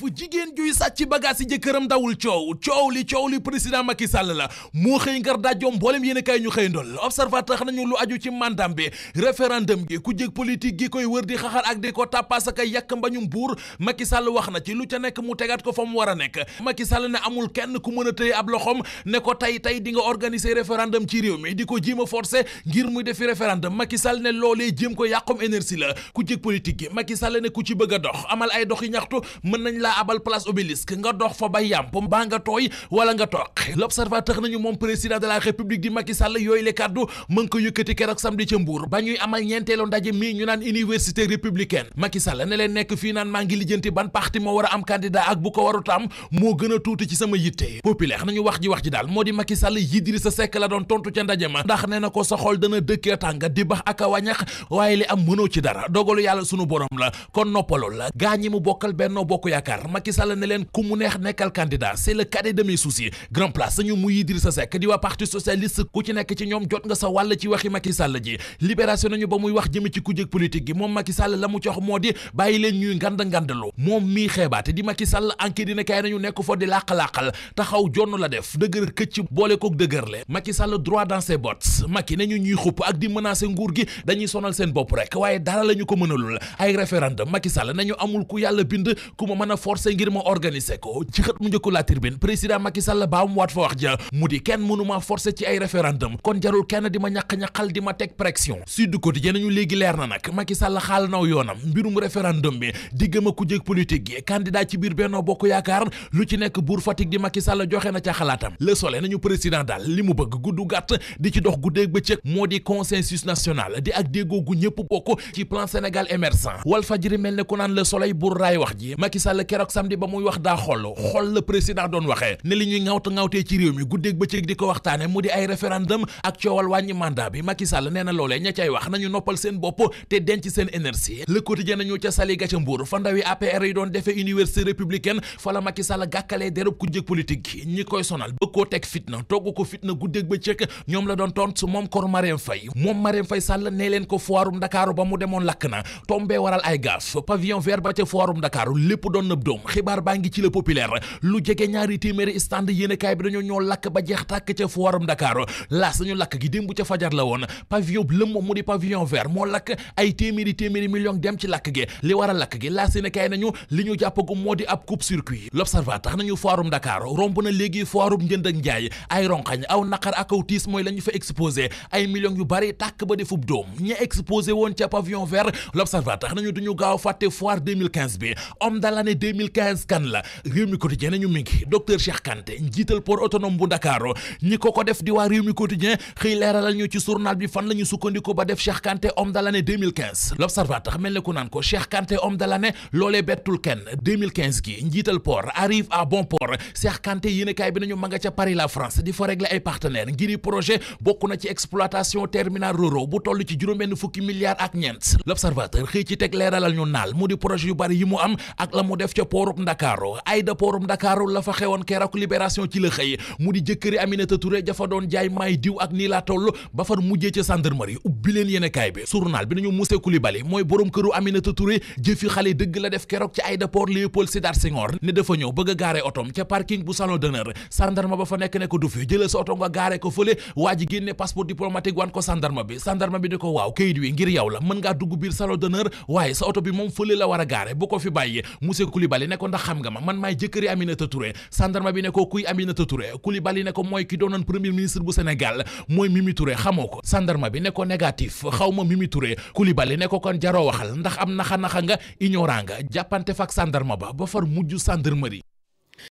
fu jigéen juy sàcc bagaas yi jëkkëram dawul coow coow li coow li président Macky Sall la moo xëy ngar dajjoom mboolem yéen a kaay ñu xëy ndol observateur tax nañu lu aju ci mandam bi référendum gi ku jég politique gi koy wër di xaxar ak di ko tàppaas ak yàq mbañum buur Macky Sall wax na ci lu ca nekk mu tegaat ko fa mu war a nekk Macky Sall ne amul kenn ku mën a tëye ab loxoom ne ko tey tey di nga organiser référendum ci réew mi di ko jéem a forcer ngir muy defi référendum Macky Sall ne loolee jéem ko yàqum énergie la ku jég politique gi Macky ne ku ci bëgg dox amal ay doxi laa abal place obélisque nga dox fa ba yàmp baa nga tooy wala nga toog l'observateur nañu moom président de la république di Macky yooyu le kàddu mën ko yëkkati keroog samedi ca Mbour ba ñuy amal ñeenteelu ndaje mii ñu naan université républicaine Macky Sall ne leen nekk fii naan maa ngi lijjanti ban parti moo war a am candidat ak bu ko warut am moo gën a tuuti ci sama yitte populaire nañu wax ji wax ji daal moo di Macky Sall Idrissa Seck la doon tontu ca ndaje ma ndax nee na ko a wàññax waaye li am la kon noppalul la gaa ñi mu bokkal Benno Dakar Macky Sall ne leen ku mu neex nekkal candidat c'est le cadet de mes grand place sañu mu Idrissa Seck di waa parti socialiste ku ci nekk ci ñoom jot nga sa wàll ci waxi Macky Sall ji libération nañu ba muy wax jëme ci kujje politique gi moom Macky Sall la mu jox moo di bàyyi leen ñuy ngand ngandalu moom mii xeebaate di Macky Sall enquête dina kaay nañu nekk foo di làq-làqal taxaw jonn la def dëgër këcc boole kook dëgërle Macky Sall droit dans forcé ngir ma organiser ko ci xët mu njëkku la tribune président Macky Sall baa mu waat fa wax ja mu di kenn mënuma forcé ci ay référendum kon jarul kenn di ma ñaq-ñaqal di ma teg pression Sud Quotidien nañu léegi leer na nag Macky Sall xaal naw yoonam mbirum référendum bi diggam ak kujje politique gi candidat ci biir Benno Bokk Yaakaar lu ci nekk buur Fatick di Macky la joxe na ca xalaatam Le Soleil nañu président daal li mu bëgg gudd gàtt di ci dox guddeeg bëccëg moo di consensus national di ak gu ñëpp bokk ci plan Sénégal émergent Walf Fadjri mel ne ku naan Le Soleil wax ji Macky Sall keroog samedi ba muy wax daa xool xool la président doon waxee ne li ñuy ŋawta ŋawtee ci réew mi guddeeg bëccëg di ko waxtaane mu di ay référendum ak coowal wàññi mandat bi Macky Sall nee na loolee ña wax nañu noppal seen bopp te denc seen énergie le quotidien nañu ca sali ga ca fa ndawi APR yi doon defee université républicaine fa la Macky Sall gàkkalee derub ku njëg politique gi ñi koy sonal bëgg koo teg fitna togg ko fitna guddeeg bëccëg ñoom la ba mu demoon lakk na tombee ba ca foirum Dakar lépp ab doom xibaar baa ngi ci la populaire lu jege ñaari téeméeri stand yéenekaay bi dañoo ñoo lakk ba jeex tàkk ca forum Dakar laas dañu lakk gi démb ca fajar la woon pavillon bleu moom mu di pavillon vert moo lakk ay téeméeri téeméeri million dem ci lakk gi li war a lakk gi laas yéenekaay nañu li ñu jàppagu moo di ab coupe circuit l'observateur nañu forum Dakar romb na léegi forum njënd njaay ay ronxañ aw naqar ak aw tiis mooy la ñu fa yu bari tàkk ba defub doom ña exposé woon ca pavillon vert l'observateur nañu 2015 kan la réew mi quotidien nañu mi ngi docteur Cheikh njiital port autonome bu Ndakaaru ñi ko ko def di waa réew mi quotidien xëy leeralal ñu ci journal bi fan la sukkandiku ba def Cheikh Kanté homme de l'année 2015 l'observateur mel ne ku naan ko Cheikh Kanté homme de l'année loolee bettul kenn 2015 njiital port arrive à bon port Cheikh Kanté yéenekaay bi nañu ma ca Paris la France di fa régler ay partenaires ngiri projet bokk na ci exploitation terminal ca poorum ndakaaru Aïda poorum ndakaaru la fa xewoon keroog libération ci la xëy mu di jëkkëri Aminata Touré jafa doon jaay may diw ak nii laa toll ba far mujjee ca gendarmerie ubbi leen yéen bi journal bi nañu Moussa Koulibaly mooy borom këru Aminata Touré jëfi xale dëgg la def keroog ci Aïda port Léopold Sédar Senghor ne dafa ñëw bëgg a gaare ca parking bu salon d'honneur sandarma ba fa nekk ne ko du fi jëlee sa oto nga gaare ko fële waa a Coulibaly ne ko ndax xam nga ma man maay jëkkëri Aminata Touré sandarma bi ne ko kuy Aminata Touré Coulibaly ne ko mooy ki doonoon premier ministre bu Sénégal mooy Mimi Touré xamoo ko sandarma bi ne ko négatif xaw ma Mimi Touré Coulibaly ne ko kon jaroo waxal ndax am naxa naxa nga ignorant nga jàppante fak sandarma ba ba far mujj sandarmeri